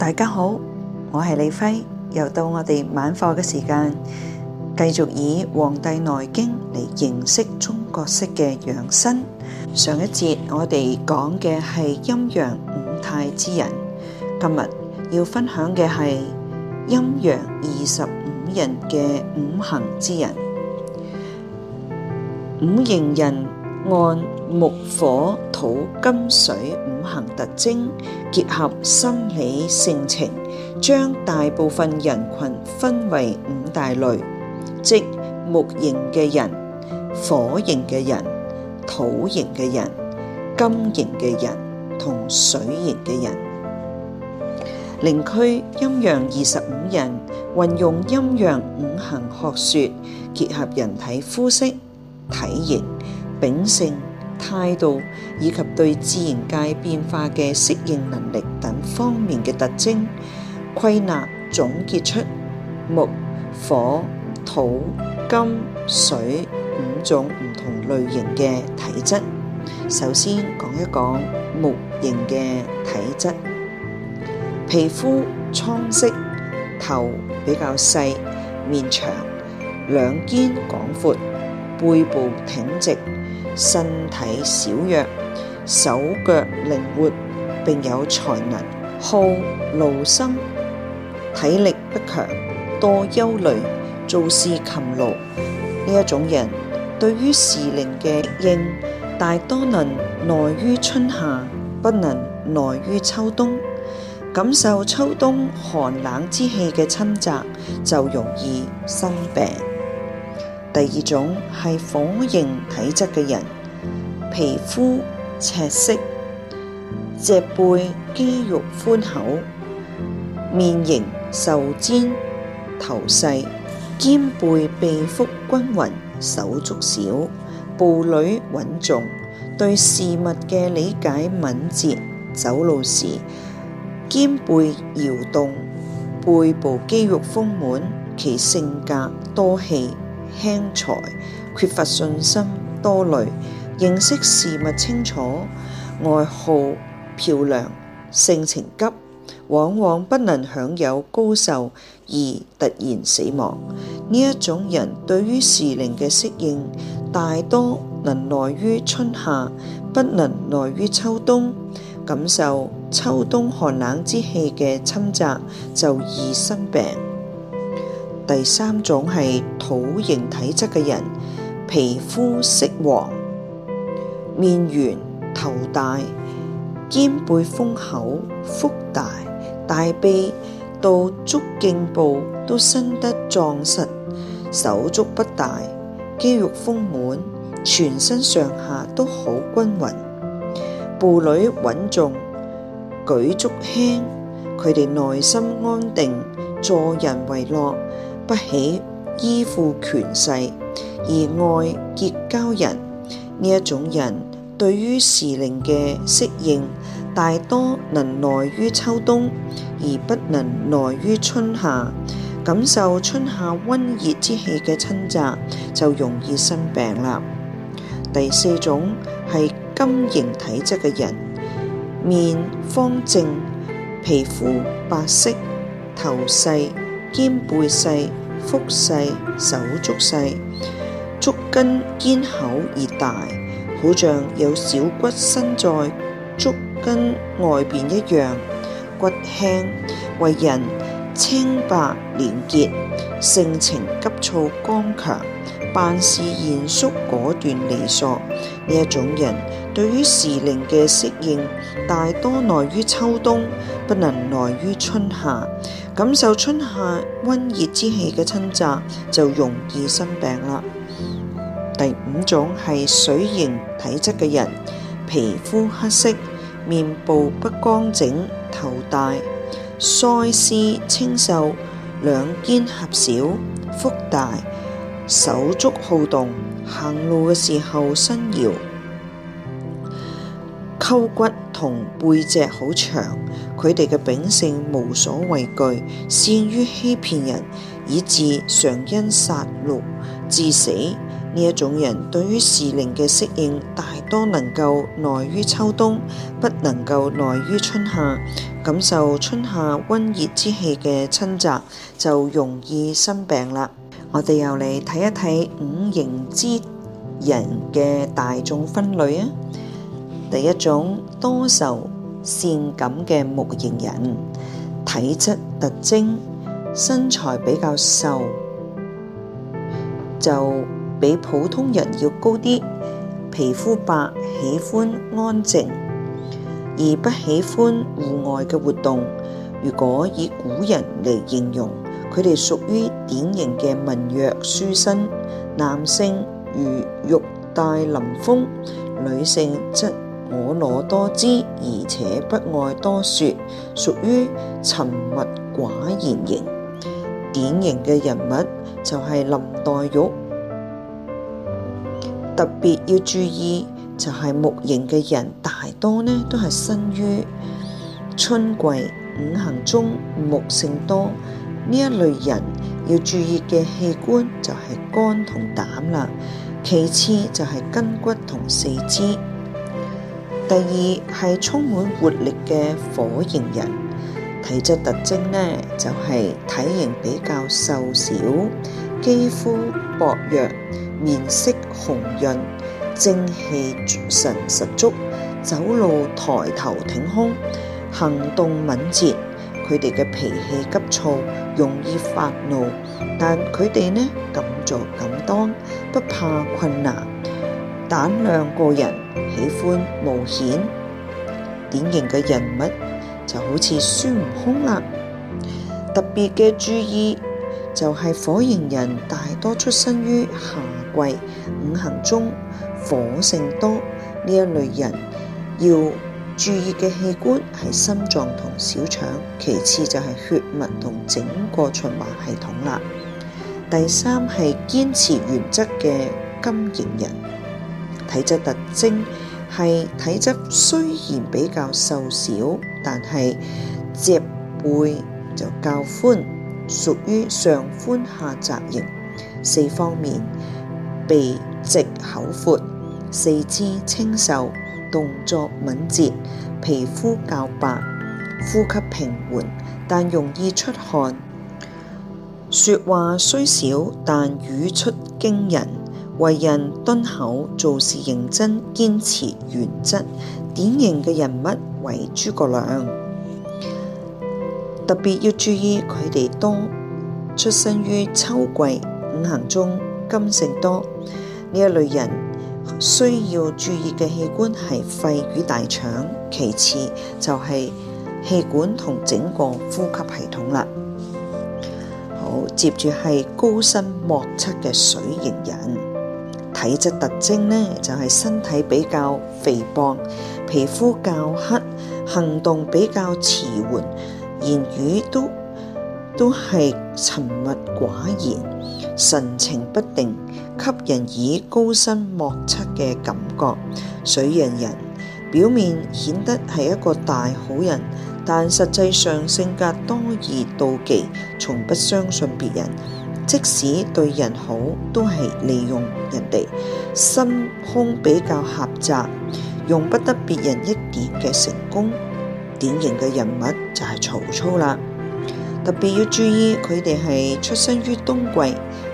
大家好，我係李輝，又到我哋晚課嘅時間，繼續以《黃帝內經》嚟認識中國式嘅養生。上一節我哋講嘅係陰陽五態之人，今日要分享嘅係陰陽二十五人嘅五行之人，五型人。按木、火、土、金、水五行特徵，結合心理性情，將大部分人群分為五大類，即木型嘅人、火型嘅人、土型嘅人、金型嘅人同水型嘅人。靈樞陰陽二十五人運用陰陽五行學說，結合人體膚色、體型。秉性、態度以及對自然界變化嘅適應能力等方面嘅特徵，歸納總結出木、火、土、金、水五種唔同類型嘅體質。首先講一講木型嘅體質，皮膚蒼色，頭比較細，面長，兩肩廣闊，背部挺直。身體小弱，手腳靈活，並有才能，好勞心，體力不強，多憂慮，做事勤勞。呢一種人對於時令嘅應，大多能耐於春夏，不能耐於秋冬。感受秋冬寒冷之氣嘅侵襲，就容易生病。第二種係火型體質嘅人，皮膚赤色，脊背肌肉寬厚，面型瘦尖，頭細，肩背背腹均匀，手足少，步履穩重，對事物嘅理解敏捷，走路時肩背搖動，背部肌肉豐滿，其性格多氣，輕財，缺乏信心，多慮，認識事物清楚，愛好漂亮，性情急，往往不能享有高壽而突然死亡。呢一種人對於時令嘅適應，大多能耐於春夏，不能耐於秋冬。感受秋冬寒冷，冷之氣嘅侵襲，就易生病。第三種係土型體質嘅人，皮膚色黃，面圓，頭大，肩背豐厚，腹大，大臂到足頸部都伸得壯實，手足不大，肌肉豐滿，全身上下都好均勻，步履穩重，舉足輕。佢哋內心安定，助人為樂。不喜依附權勢而愛結交人，呢一種人，對於時令嘅適應大多能耐於秋冬，而不能耐於春夏。感受春夏溫熱之氣嘅侵襲，就容易生病啦。第四種係金型體質嘅人，面方正，皮膚白色，頭細。肩背細，腹細，手足細，足跟肩厚而大，好像有小骨生在足跟外邊一樣，骨輕，為人清白廉潔，性情急躁剛強。辦事嚴肅，果斷利索。呢一種人，對於時令嘅適應大多耐於秋冬，不能耐於春夏。感受春夏溫熱之氣嘅侵襲，就容易生病啦。第五種係水型體質嘅人，皮膚黑色，面部不光整，頭大，腮思清秀，兩肩狹小，腹大。手足好動，行路嘅時候身搖，溝骨同背脊好長。佢哋嘅秉性無所畏懼，善於欺騙人，以至常因殺戮致死。呢一種人對於時令嘅適應，大多能夠耐於秋冬，不能夠耐於春夏。感受春夏溫熱之氣嘅侵襲，就容易生病啦。我哋又嚟睇一睇五行之人嘅大眾分類啊！第一種多愁善感嘅木型人，體質特徵，身材比較瘦，就比普通人要高啲，皮膚白，喜歡安靜，而不喜歡戶外嘅活動。如果以古人嚟形容。佢哋屬於典型嘅文弱書生，男性如玉帶臨風，女性則婀娜多姿，而且不愛多說，屬於沉默寡言型。典型嘅人物就係林黛玉。特別要注意就係木型嘅人大多呢，都係生於春季，五行中木性多。呢一類人要注意嘅器官就係肝同膽啦，其次就係筋骨同四肢。第二係充滿活力嘅火型人，體質特徵呢就係、是、體型比較瘦小，肌膚薄弱，面色紅潤，精氣神十足，走路抬頭挺胸，行動敏捷。佢哋嘅脾氣急躁。容易發怒，但佢哋呢，敢作敢當，不怕困難，膽量過人，喜歡冒險，典型嘅人物就好似孫悟空啦。特別嘅注意就係、是、火形人，大多出生於夏季，五行中火性多，呢一類人要。注意嘅器官係心臟同小腸，其次就係血脈同整個循環系統啦。第三係堅持原則嘅金型人，體質特徵係體質雖然比較瘦小，但係脊背就較寬，屬於上寬下窄型。四方面鼻直口闊，四肢清瘦。動作敏捷，皮膚較白，呼吸平緩，但容易出汗。說話雖少，但語出驚人，為人敦厚，做事認真，堅持原則。典型嘅人物為諸葛亮。特別要注意，佢哋多出生於秋季，五行中金性多呢一類人。需要注意嘅器官係肺與大腸，其次就係氣管同整個呼吸系統啦。好，接住係高深莫測嘅水型人，體質特徵呢，就係身體比較肥胖，皮膚較黑，行動比較遲緩，言語都都係沉默寡言，神情不定。給人以高深莫測嘅感覺，水人人表面顯得係一個大好人，但實際上性格多疑妒忌，從不相信別人，即使對人好都係利用人哋，心胸比較狹窄，容不得別人一點嘅成功。典型嘅人物就係曹操啦，特別要注意佢哋係出生於冬季。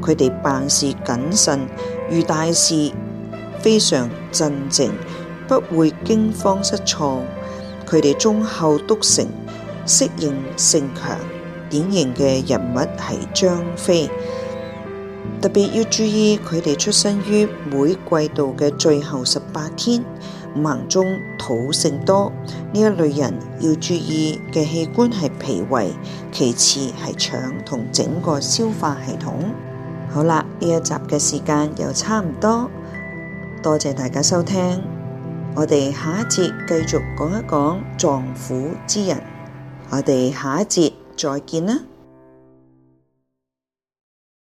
佢哋辦事謹慎，遇大事非常鎮靜，不會驚慌失措。佢哋忠厚篤誠，適應性強。典型嘅人物係張飛。特別要注意，佢哋出生於每季度嘅最後十八天，五行中土性多。呢一類人要注意嘅器官係脾胃，其次係腸同整個消化系統。好啦，呢一集嘅時間又差唔多，多謝大家收聽，我哋下一節繼續講一講臟腑之人，我哋下一節再見啦。